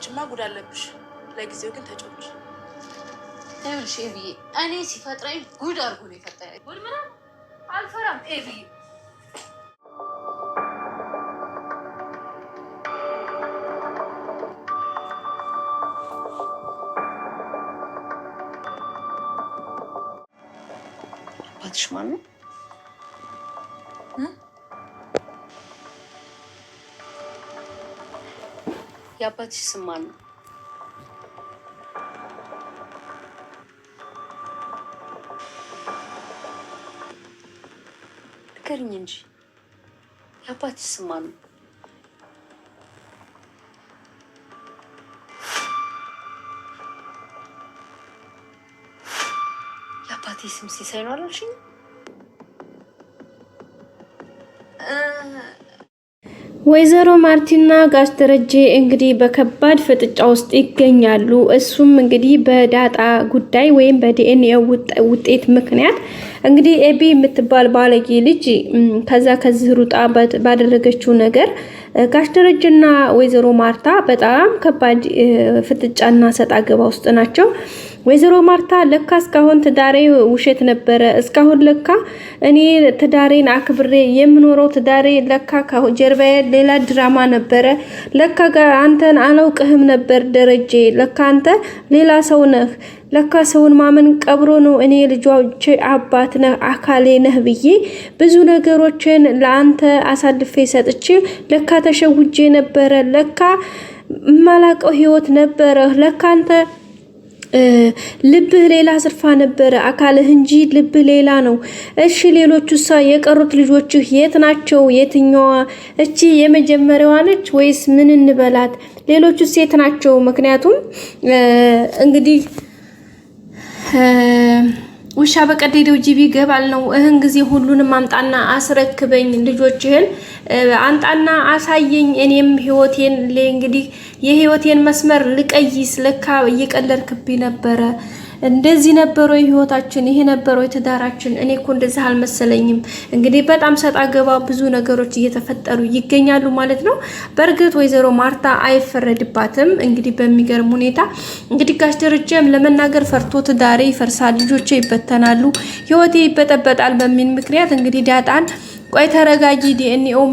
አንቺማ ጉድ አለብሽ። ለጊዜው ግን ተጫውች። ተምርሽ ኤብዬ፣ እኔ ሲፈጥረኝ ጉድ አድርጎ ነው የፈጠረኝ። ጉድ ምናምን አልፈራም ኤብዬ። አባትሽ ማን ነው? የአባትሽ ስም ማን ነው? ንገሪኝ እንጂ የአባትሽ ስም ማን ነው? የአባቴ ስም ሲሳይ ነው አላልሽኝ? ወይዘሮ ማርቲና ጋሽ ደረጀ እንግዲህ በከባድ ፍጥጫ ውስጥ ይገኛሉ። እሱም እንግዲህ በዳጣ ጉዳይ ወይም በዲኤንኤ ውጤት ምክንያት እንግዲህ ኤቢ የምትባል ባለጌ ልጅ ከዛ ከዚህ ሩጣ ባደረገችው ነገር ጋሽ ደረጀና ወይዘሮ ማርታ በጣም ከባድ ፍጥጫና ሰጣ ገባ ውስጥ ናቸው። ወይዘሮ ማርታ ለካ እስካሁን ትዳሬ ውሸት ነበረ። እስካሁን ለካ እኔ ትዳሬን አክብሬ የምኖረው ትዳሬ ለካ ጀርባዬ ሌላ ድራማ ነበረ። ለካ አንተን አላውቅህም ነበር ደረጀ። ለካ አንተ ሌላ ሰው ነህ። ለካ ሰውን ማመን ቀብሮ ነው። እኔ ልጆች አባት ነህ አካሌ ነህ ብዬ ብዙ ነገሮችን ለአንተ አሳልፌ ሰጥቼ ለካ ተሸውጄ ነበረ። ለካ እማላቀው ህይወት ነበረ። ለካ አንተ ልብህ ሌላ ስርፋ ነበረ አካልህ እንጂ ልብህ ሌላ ነው። እሺ ሳ የቀሩት ልጆችህ የት ናቸው? የትኛዋ እቺ የመጀመሪያዋ ነች ወይስ ምን እንበላት? ሌሎቹስ የት ናቸው? ምክንያቱም እንግዲህ ውሻ በቀደደው ጅብ ይገባል ነው። እህን ጊዜ ሁሉንም አምጣና አስረክበኝ፣ ልጆችህን አምጣና አሳየኝ። እኔም ህይወቴን እንግዲህ የህይወቴን መስመር ልቀይስ፣ ለካ እየቀለድክብኝ ነበረ እንደዚህ ነበረ ህይወታችን፣ ይሄ ነበረ ትዳራችን፣ እኔ እኮ እንደዚህ አልመሰለኝም። እንግዲህ በጣም ሰጣ ገባ ብዙ ነገሮች እየተፈጠሩ ይገኛሉ ማለት ነው። በእርግጥ ወይዘሮ ማርታ አይፈረድባትም። እንግዲህ በሚገርም ሁኔታ እንግዲህ ጋሽ ደረጀም ለመናገር ፈርቶ ትዳሬ ይፈርሳል፣ ልጆቼ ይበተናሉ፣ ህይወቴ ይበጠበጣል በሚል ምክንያት እንግዲህ ዳጣን ቆይ ተረጋጊ፣ ዲኤንኤውም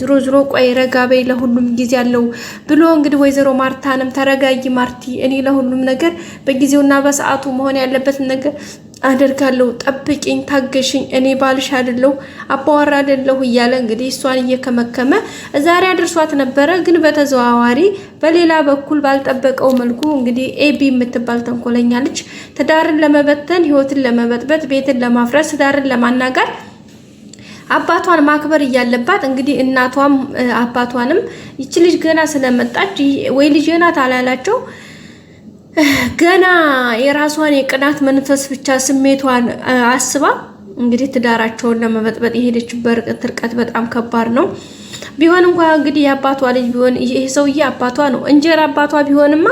ዝሮ ዝሮ ቆይ ረጋ በይ፣ ለሁሉም ጊዜ አለው ብሎ እንግዲህ ወይዘሮ ማርታንም ተረጋጊ ማርቲ፣ እኔ ለሁሉም ነገር በጊዜውና በሰዓቱ መሆን ያለበትን ነገር አደርጋለሁ። ጠብቂኝ፣ ታገሽኝ፣ እኔ ባልሽ አይደለሁ አባዋራ አይደለሁ እያለ እንግዲህ እሷን እየከመከመ ዛሬ አድርሷት ነበረ። ግን በተዘዋዋሪ በሌላ በኩል ባልጠበቀው መልኩ እንግዲህ ኤቢ የምትባል ተንኮለኛ ልጅ ትዳርን ለመበተን፣ ህይወትን ለመበጥበጥ፣ ቤትን ለማፍረስ፣ ትዳርን ለማናጋር አባቷን ማክበር እያለባት እንግዲህ እናቷም አባቷንም ይቺ ልጅ ገና ስለመጣች ወይ ልጅ ናት አላላቸው ገና የራሷን የቅናት መንፈስ ብቻ ስሜቷን አስባ እንግዲህ ትዳራቸውን ለመበጥበጥ የሄደችበት ርቀት በጣም ከባድ ነው። ቢሆን እንኳ እንግዲህ የአባቷ ልጅ ቢሆን ይሄ ሰውዬ አባቷ ነው፣ እንጀራ አባቷ ቢሆንማ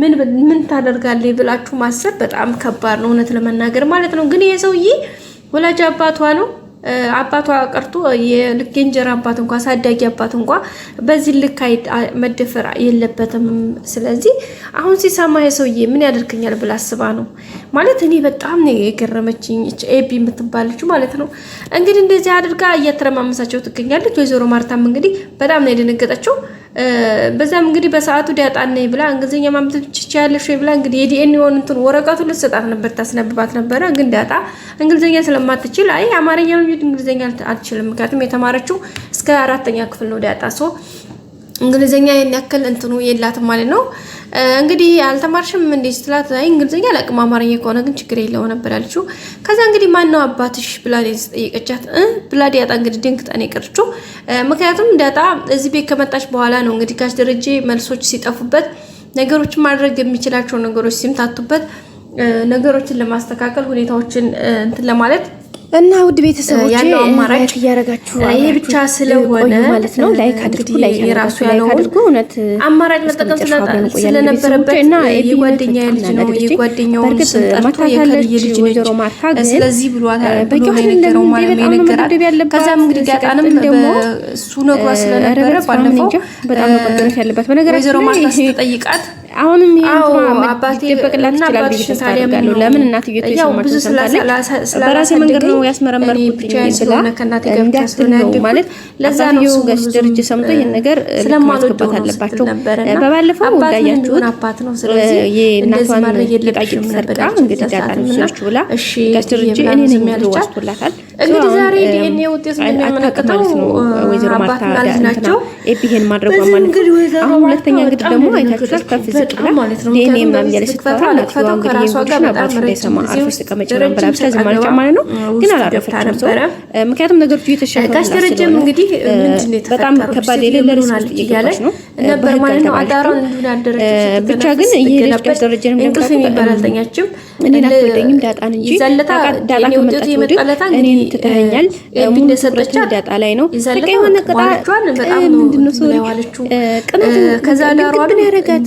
ምን ምን ታደርጋለህ ብላችሁ ማሰብ በጣም ከባድ ነው፣ እውነት ለመናገር ማለት ነው። ግን ይሄ ሰውዬ ወላጅ አባቷ ነው። አባቷ ቀርቶ የልክ የእንጀራ አባት እንኳ ሳዳጊ አባት እንኳ በዚህ ልክ መደፈር የለበትም። ስለዚህ አሁን ሲሰማ የሰውዬ ምን ያደርገኛል ብላ አስባ ነው ማለት እኔ በጣም ነው የገረመችኝ ኤቢ የምትባለች ማለት ነው። እንግዲህ እንደዚህ አድርጋ እያተረማመሳቸው ትገኛለች። ወይዘሮ ማርታም እንግዲህ በጣም ነው የደነገጠችው። በዛም እንግዲህ በሰዓቱ ዳጣን ነኝ ብላ እንግሊዝኛ ማንበብ ትችያለሽ ብላ እንግዲህ የዲኤንኤውን እንትን ወረቀቱ ልትሰጣት ነበር ታስነብባት ነበረ። ግን ዳጣ እንግሊዝኛ ስለማትችል አይ አማርኛ ነው እንግሊዝኛ አትችልም። ምክንያቱም የተማረችው እስከ አራተኛ ክፍል ነው ዳጣ ሶ እንግሊዝኛ ይሄን ያክል እንትኑ የላትም ማለት ነው። እንግዲህ አልተማርሽም እንዴ ስትላት፣ አይ እንግሊዝኛ አላቅም አማርኛ ከሆነ ግን ችግር የለው ነበር ያለችው። ከዛ እንግዲህ ማነው አባትሽ ብላ ጠየቀቻት። ብላ ዲያጣ እንግዲህ ድንግጣን የቀረችው ምክንያቱም ዲያጣ እዚህ ቤት ከመጣች በኋላ ነው እንግዲህ ጋሽ ደረጀ መልሶች ሲጠፉበት ነገሮችን ማድረግ የሚችላቸው ነገሮች ሲምታቱበት ነገሮችን ለማስተካከል ሁኔታዎችን እንትን ለማለት እና ውድ ቤተሰቦች ያለው አማራጭ እያረጋችሁ ይሄ ብቻ ስለሆነ ማለት ነው። ላይክ አድርጉ፣ ላይክ የራሱ ያለው አድርጉ። እውነት አማራጭ መጠቀም ስለነበረበት እና የጓደኛ ልጅ ነው የጓደኛው ስንጠርቶ የከልይ ልጅ ወይዘሮ ማርካ ግን ስለዚህ ብሏታል ብሎ የነገረው ማለት ነው የነገራት። ከዛም እንግዲህ ጋጣንም ደግሞ እሱ ነግሯ ስለነበረ ባለፈው በጣም መቆጠረፍ ያለበት በነገራችን ወይዘሮ ማርካ ስትጠይቃት አሁንም ለምን በራሴ መንገድ ነው ያስመረመርኩት ነው ማለት ለዛ ነው ገስ ድርጅ ሰምቶ ይህን ነገር ማስገባት አለባቸው። በባለፈው እንዳያችሁት የእናቷን እንግዲህ ብላ ገስ ድርጅ እኔ ነኝ ዋስቶላታል። እንግዲህ ዛሬ ዲኤንኤ ውጤት እንደሚያመለክተው ወይዘሮ ማርታ ናቸው ይሄን ማድረጓ ማለት ነው። አሁን ሁለተኛ እንግዲህ ደግሞ አይታችሁት ከፍዝ በጣም ምክንያቱም ነገሮች እየተሻሻሉ በጣም ከባድ የሌለ ነበር ማለት ነው። አዳሯን ብቻ ግን እየሄደች ጋሽ ደረጀን እንቅልፍ የሚባል አልተኛችም። እኔን አትወደኝም ዳጣን እንጂ ዳጣ ከመጣች ወዲህ እኔን ትተኸኛል ሙሉ ትኩረት ዳጣ ላይ ነው። በቃ የሆነ ቅጣ ምንድን ነው ሰው ቅናት ግን ያረጋት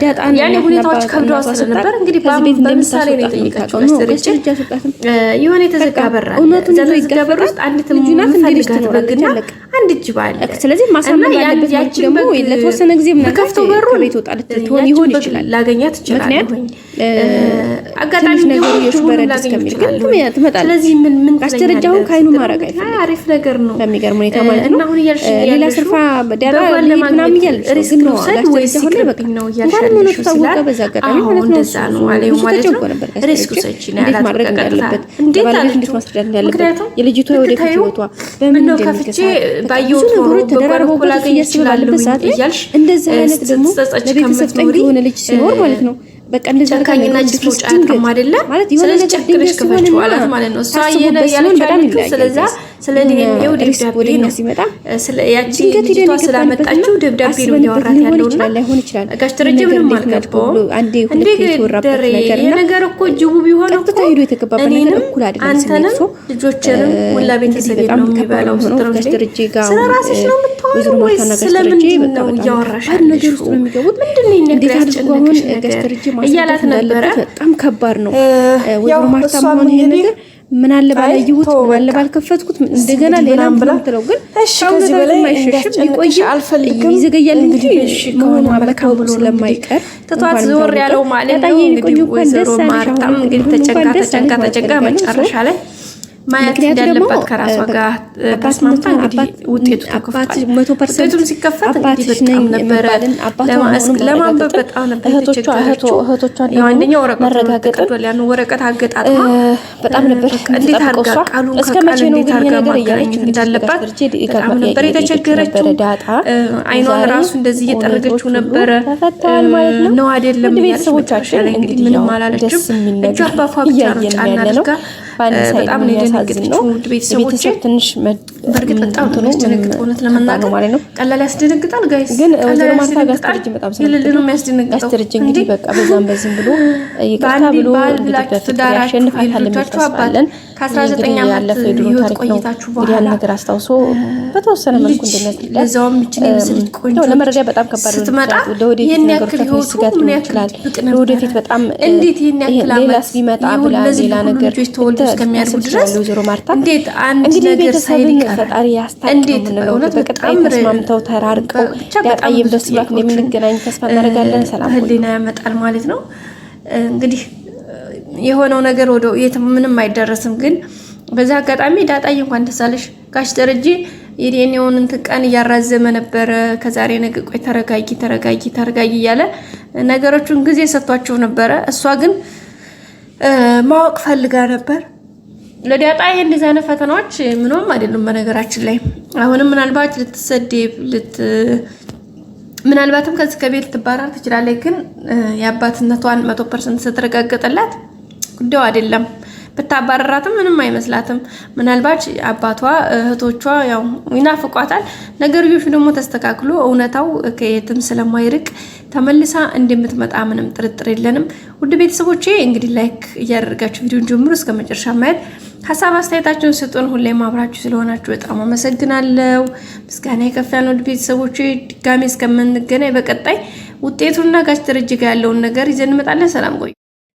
ዳጣን ያኔ ሁኔታዎች ከብዶ ስለነበር እንግዲህ በምሳሌ ነው የጠየቀችው። የሆነ የተዘጋ በር ዘጋ በር ውስጥ አንድ ትምፈልጋት በግና አንድ እጅ ባለ። ስለዚህ ማሳመን ያለበት ደግሞ ለተወሰነ ጊዜ ከፍቶ በሩ ቤት ወጣ ልትሆን ይሆን ይችላል ላገኛት ይችላል። አጋጣሚ ነገር የሹበረድ እስከሚል ግን ትመጣለች። ስለዚህ ምን ምን አስደረጃውን ከአይኑ ማድረግ አይፈልግም። አሪፍ ነገር ነው በሚገርም ሁኔታ ማለት ነው። ሌላ ስርፋ ዳላ ምናምን እያለች ነው ግን ነው አስደረጃሁን ላይ በቃ እንኳንም ሆነ ታወቀ በዛ አጋጣሚ ማለት ነው። ብዙ ተጨንቆ ነበር። እንዴት ማድረግ እንዳለበት ባለቤት እንዴት ማስረዳት እንዳለበት የልጅቷ ወደፊት ህይወቷ በምን እንደሚከሳ ብዙ ነገሮች ተደራርበው እያስበ ባለበት ሰዓት ላይ እንደዚህ አይነት ደግሞ ለቤተሰብ ጠንቅ የሆነ ልጅ ሲኖር ማለት ነው በቃ እንደዛ ካኝና ጅቶች አይደለም ማለት የሆነ ነገር ድንገት ሲሆን ማለት ነው እሷ በጣም ስለዚህ ስለ ደብዳቤ ነው ያቺ ልጅቷ ስላመጣችው ደብዳቤ ነው እያወራት ያለውና ጋሽ ደረጀ ምንም አልገባውም። እንዴ ደሬ የነገር እኮ ጅቡ ቢሆን እኮ እኔንም አንተንም ልጆችንም ሁላ ቤተሰብ ነው የሚበላው ስትለው ስለ ነው የምታወራው ወይስ ስለምንድን ነው እያወራሽ ያለሽው? ምንድን ነው እያላት ነበረ። በጣም ከባድ ነው። ወይዘሮ ማርታ ሆነ ነገር ምን አለ ባላየሁት ምን አለ ባልከፈትኩት እንደገና ሌላ ብላ ትለው። ግን ከዚህ በላይ አይሸሽም፣ ይቆይ አልፈልግም፣ ይዘገያል እንጂ መሆኑ አበቃም ብሎ ስለማይቀር ትቷት ዞር ያለው ማለት ነው። እንግዲህ ወይዘሮ ማርታም እንግዲህ ተጨንቃ ተጨንቃ ተጨንቃ መጨረሻ ላይ ማየት እንዳለባት ከራሷ ጋር ተስማምታ እንግዲህ ውጤቱ ተከፋትውጤቱም ሲከፈት እንግዲህ በጣም ነበረ ለማንበብ በጣም ነበር የተቸገረችው። የዋንደኛው ወረቀት ያን ወረቀት አገጣጥማ በጣም ነበር እንዴት አድርጋ ቃሉን ከቃል እንዴት አድርጋ ማገናኘት እንዳለባት በጣም ነበር የተቸገረችው። አይኗን ራሱ እንደዚህ እየጠረገችው ነበረ። ነው አይደለም ያለች መጨረሻ እንግዲህ ምንም አላለችም። እጇ አባፏ ብቻ ነው ጫና አድርጋ በጣም ነው ትንሽ በእርግጥ በጣም ነው እውነት ለመናገር ማለት ነው። ቀላል ያስደነግጣል ጋይስ፣ ግን ወይዘሮ ማርታ በጣም ስለልሉ የሚያስደነግጠው እንግዲህ በቃ በዛም በዚህም ብሎ ይቅርታ ብሎ ትዳር ያሸንፋታል ከ ከ19 ዓመት ቆይታችሁ በኋላ ነገር አስታውሶ በተወሰነ መልኩ ቆንጆ በጣም ከባድ ነው። ለወደፊት ስጋት ሊሆን ይችላል። ለወደፊት በጣም እንዴት ይሄን ያክል ሌላስ ቢመጣ ብላ ሌላ ነገር እስከሚያልፉ ድረስ ማርታ እንዴት አንድ ነገር እውነት ተስማምተው ተራርቀው ደስ ብሏት እንደምንገናኝ ተስፋ እናደርጋለን። ሰላም ህሊና ያመጣል ማለት ነው። እንግዲህ የሆነው ነገር ወደ የት ምንም አይደረስም። ግን በዚህ አጋጣሚ ዳጣይ እንኳን ደስ አለሽ ጋሽ ደረጀ እንትን ቀን እያራዘመ ነበረ። ከዛሬ ነገ ቆይ ተረጋጊ ተረጋጊ ተረጋጊ እያለ ነገሮቹን ጊዜ ሰጥቷቸው ነበረ። እሷ ግን ማወቅ ፈልጋ ነበር። ለዳጣ ይሄ እንደዚህ አይነት ፈተናዎች ምንም አይደሉም በነገራችን ላይ አሁንም ምናልባት ልትሰደብ ልት ምናልባትም ከዚህ ከቤት ልትባረር ትችላለች። ግን የአባትነቷን መቶ ፐርሰንት ስትረጋገጠላት ጉዳዩ አይደለም። ብታባረራትም ምንም አይመስላትም። ምናልባት አባቷ እህቶቿ ያው ይናፍቋታል። ነገርዮሹ ደግሞ ተስተካክሎ እውነታው ከየትም ስለማይርቅ ተመልሳ እንደምትመጣ ምንም ጥርጥር የለንም። ውድ ቤተሰቦቼ እንግዲህ ላይክ እያደረጋችሁ ቪዲዮን ጀምሮ እስከ መጨረሻ ማየት ሀሳብ አስተያየታችሁን ስጡን። ሁሌም አብራችሁ ስለሆናችሁ በጣም አመሰግናለሁ። ምስጋና የከፍ ያለ ወደ ቤተሰቦች፣ ድጋሜ እስከምንገናኝ በቀጣይ ውጤቱና ጋሽ ደረጀ ጋር ያለውን ነገር ይዘን እንመጣለን። ሰላም ቆዩ።